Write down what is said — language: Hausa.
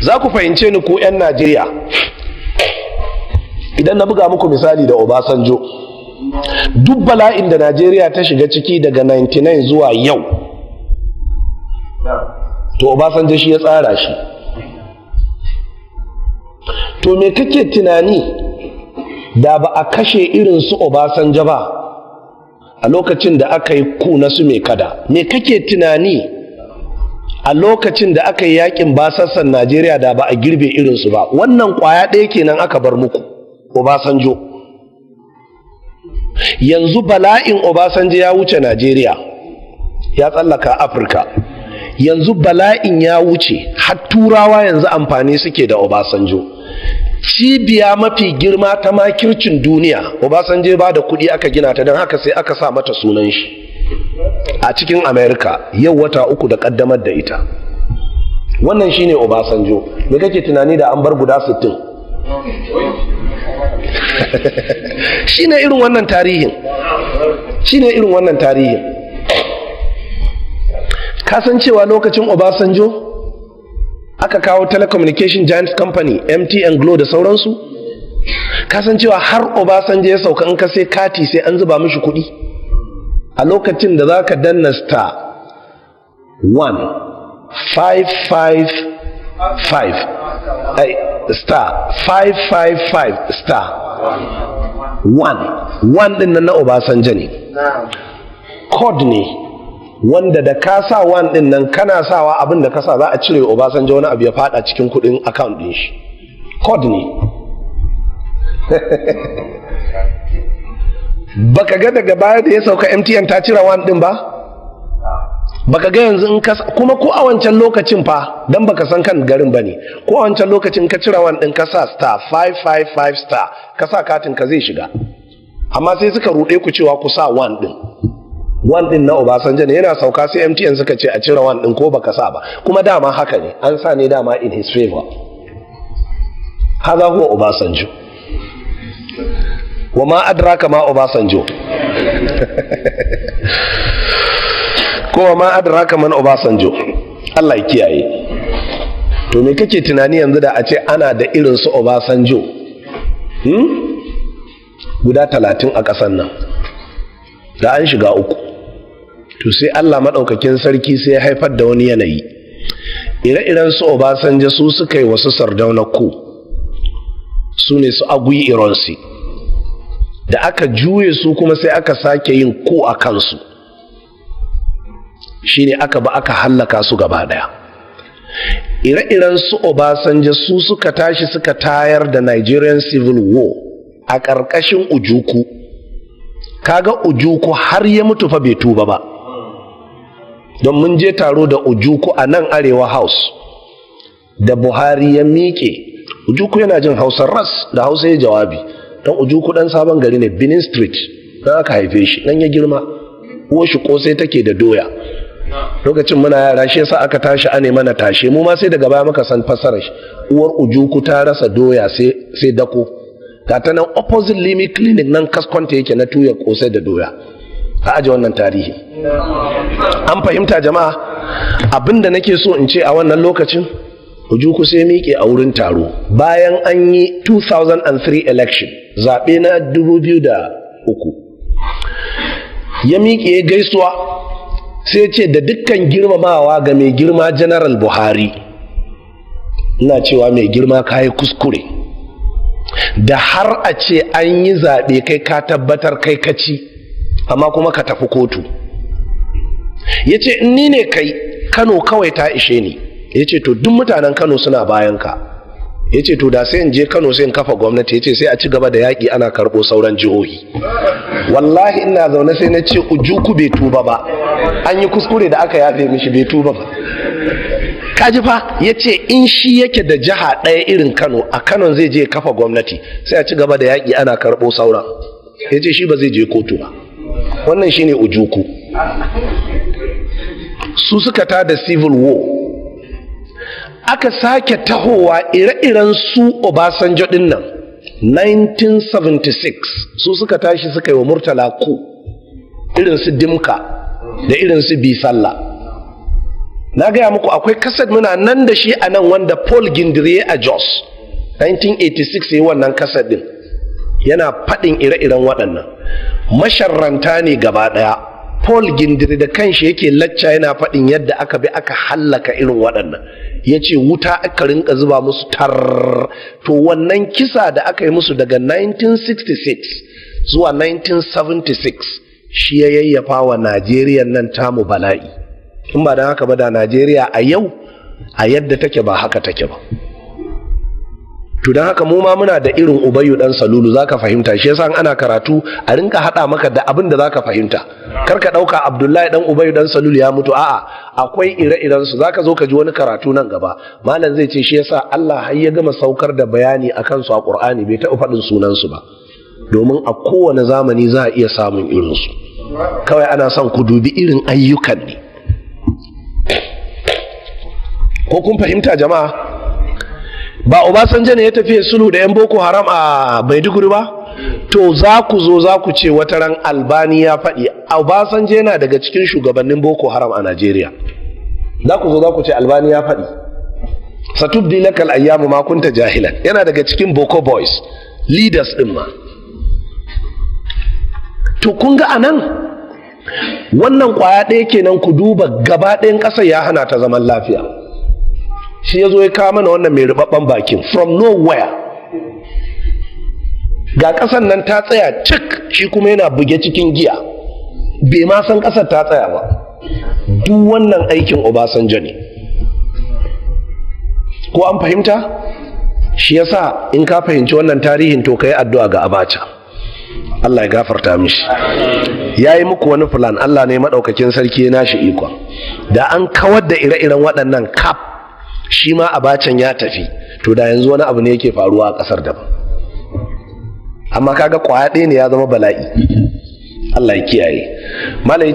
za ku fahimce ni ko 'yan najeriya idan na buga muku misali da obasanjo duk bala'in da najeriya ta shiga ciki daga 99 zuwa yau to obasanjo shi ya tsara shi to me kake tunani da ba a kashe irin su obasanjo ba a lokacin da aka yi ku su mai kada me kake tunani a lokacin da aka yi yakin basassan Najeriya da ba a girbe irinsu ba wannan kwaya ɗaya kenan aka bar muku Obasanjo yanzu bala'in Obasanjo ya wuce Najeriya ya tsallaka Afirka yanzu bala'in ya wuce har turawa yanzu amfani suke da Obasanjo cibiya mafi girma ta makircin duniya Obasanjo ba da kuɗi aka gina ta don haka sai aka sa mata sunan shi a cikin Amerika yau wata uku da kaddamar da ita wannan shine obasanjo me kake tunani da an bar guda 60 shine irin wannan tarihin shine irin wannan tarihin kasancewa lokacin obasanjo aka kawo telecommunication giants company mtn Glow, da sauransu kasancewa har obasanjo ya sauka in ka sai kati sai an zuba mishi kuɗi a lokacin da za ka danna star 1 star 555 star 1 1 din nan na Obasanjo ne code ne wanda da ka sa 1 din nan kana sawa abin da ka sa za a cire Obasanjo wani abu ya fada cikin kudin account din shi code ne baka ga daga baya da ya sauka MTN ta cire wani din ba baka ga yanzu in ka kuma ko a wancan lokacin fa dan baka san kan garin bane ko a wancan lokacin ka cire wani din ka sa star 555 star ka sa katin ka zai shiga amma sai suka rude ku cewa ku sa wani din wani din na Obasanjo ne yana sauka sai MTN suka ce a cire wani din ko baka sa ba kuma dama haka ne an sa ne dama in his favor haza Obasanjo wa ma adraka ma obasanjo ko wa ma adraka man obasanjo Allah ya kiyaye to me kake tunani yanzu da a ce ana da irin su obasanjo hmm? guda talatin a kasan nan da an shiga uku to sai Allah maɗaukakin sarki sai ya haifar da wani yanayi ire-iren su obasanjo su suka yi wasu sardauna ku su ne su agui ironsi da aka juye su kuma sai aka sake yin ko a kansu shine aka ba aka hallaka su gaba ɗaya. ire-iren su Obasanjo su suka tashi suka tayar da Nigerian Civil War a ƙarƙashin Ujuku kaga Ujuku har ya mutu fa bai tuba ba don mun je taro da Ujuku a nan Arewa House da Buhari ya miƙe Ujuku yana jin Hausar ras da Hausa ya jawabi dan uju kuɗan sabon gari ne Benin Street na aka haife shi nan ya girma uwar shi kosai take da doya lokacin muna yara shi yasa aka tashi ane mana tashe mu ma sai daga baya muka san fassarar shi uwar ujuku ta rasa doya sai sai dako ga ta nan opposite limi clinic nan kaskonta yake na tuya kosai da doya a aje wannan tarihi an fahimta jama'a abinda nake so in ce a wannan lokacin Hujuku sai miƙe a wurin taro bayan an yi 2003 election zaɓe na 2003 ya miƙe gaisuwa sai ce da dukkan girmamawa ga mai girma general buhari ina cewa mai girma kayi kuskure da har a ce an yi zaɓe kai ka tabbatar kai kaci amma kuma ka tafi kotu ya ce ni ne kai kano kawai ta ishe ni ya ce to duk mutanen kano suna bayan ka ya ce to da sai in je kano sai in kafa gwamnati ya ce sai a ci gaba da yaƙi ana karɓo sauran jihohi wallahi ina zaune sai na ce ujuku bai tuba ba an yi kuskure da aka yafe mishi bai tuba ba kaji fa ya ce in shi yake da jiha ɗaya irin kano a kano zai je kafa gwamnati sai a ci gaba da yaƙi ana karɓo sauran ya ce shi ba zai je kotu ba wannan shine ujuku su suka tada civil war aka sake tahowa ire-iren su Obasanjo ɗin nan 1976 su suka tashi suka yi wa murtala ku irin su dimka da irin su bisalla na gaya muku akwai kaset muna nan da shi a nan wanda paul gindiriye a jos 1986 yi wannan kaset ɗin yana faɗin ire-iren waɗannan masharranta ne gaba ɗaya paul gindiri da kanshi yake lacca yana faɗin yadda aka bi aka hallaka irin waɗannan ya ce wuta aka rinka zuba musu tar to wannan kisa da aka yi musu daga 1966 zuwa 1976 shi ya yayyafa wa najeriya nan tamu bala'i in ba don haka ba da najeriya a yau a yadda take ba haka take ba to don haka mu ma muna da irin ubayu dan salulu zaka fahimta shi yasa ana karatu a rinka hada maka da abin da zaka fahimta kar ka dauka abdullahi dan ubayu dan salulu ya mutu a'a akwai ire-iren su zaka zo ka ji wani karatu nan gaba malam zai ce shi yasa Allah har ya gama saukar da bayani akan su a Qur'ani bai taɓa faɗin sunan su ba domin a kowane zamani za a iya samun irin su kawai ana son ku dubi irin ayyukan ne ko kun fahimta jama'a ba obasanjo ne ya tafiya sulhu da yan boko haram a maiduguri ba to za ku zo za ku ce wata ran albani ya faɗi obasanjo yana daga cikin shugabannin boko haram a najeriya za ku zo za ku ce albani ya faɗi di lakal ayyamu ma kunta jahilan yana daga cikin boko boys leaders din ma to kun ga anan wannan kwaya ɗaya kenan ku duba gaba ɗayan ƙasa ya hana ta zaman lafiya shi ya zo ya kawo mana wannan mai rubabban bakin from nowhere ga ƙasar nan ta tsaya cik shi kuma yana buge cikin giya bai ma san ƙasar ta tsaya ba duk wannan aikin obasanjo ne ko an fahimta shi yasa in ka fahimci wannan tarihin to ka addu'a ga abacha Allah ya gafarta mishi ya yi muku wani fulan Allah ne maɗaukakin sarki ya nashi ikon da an kawar da ire-iren waɗannan kaf shi ma a abacan ya tafi to da yanzu wani abu ne yake faruwa a ƙasar daban amma kaga kwaya ɗaya ne ya zama bala'i Allah ya kiyaye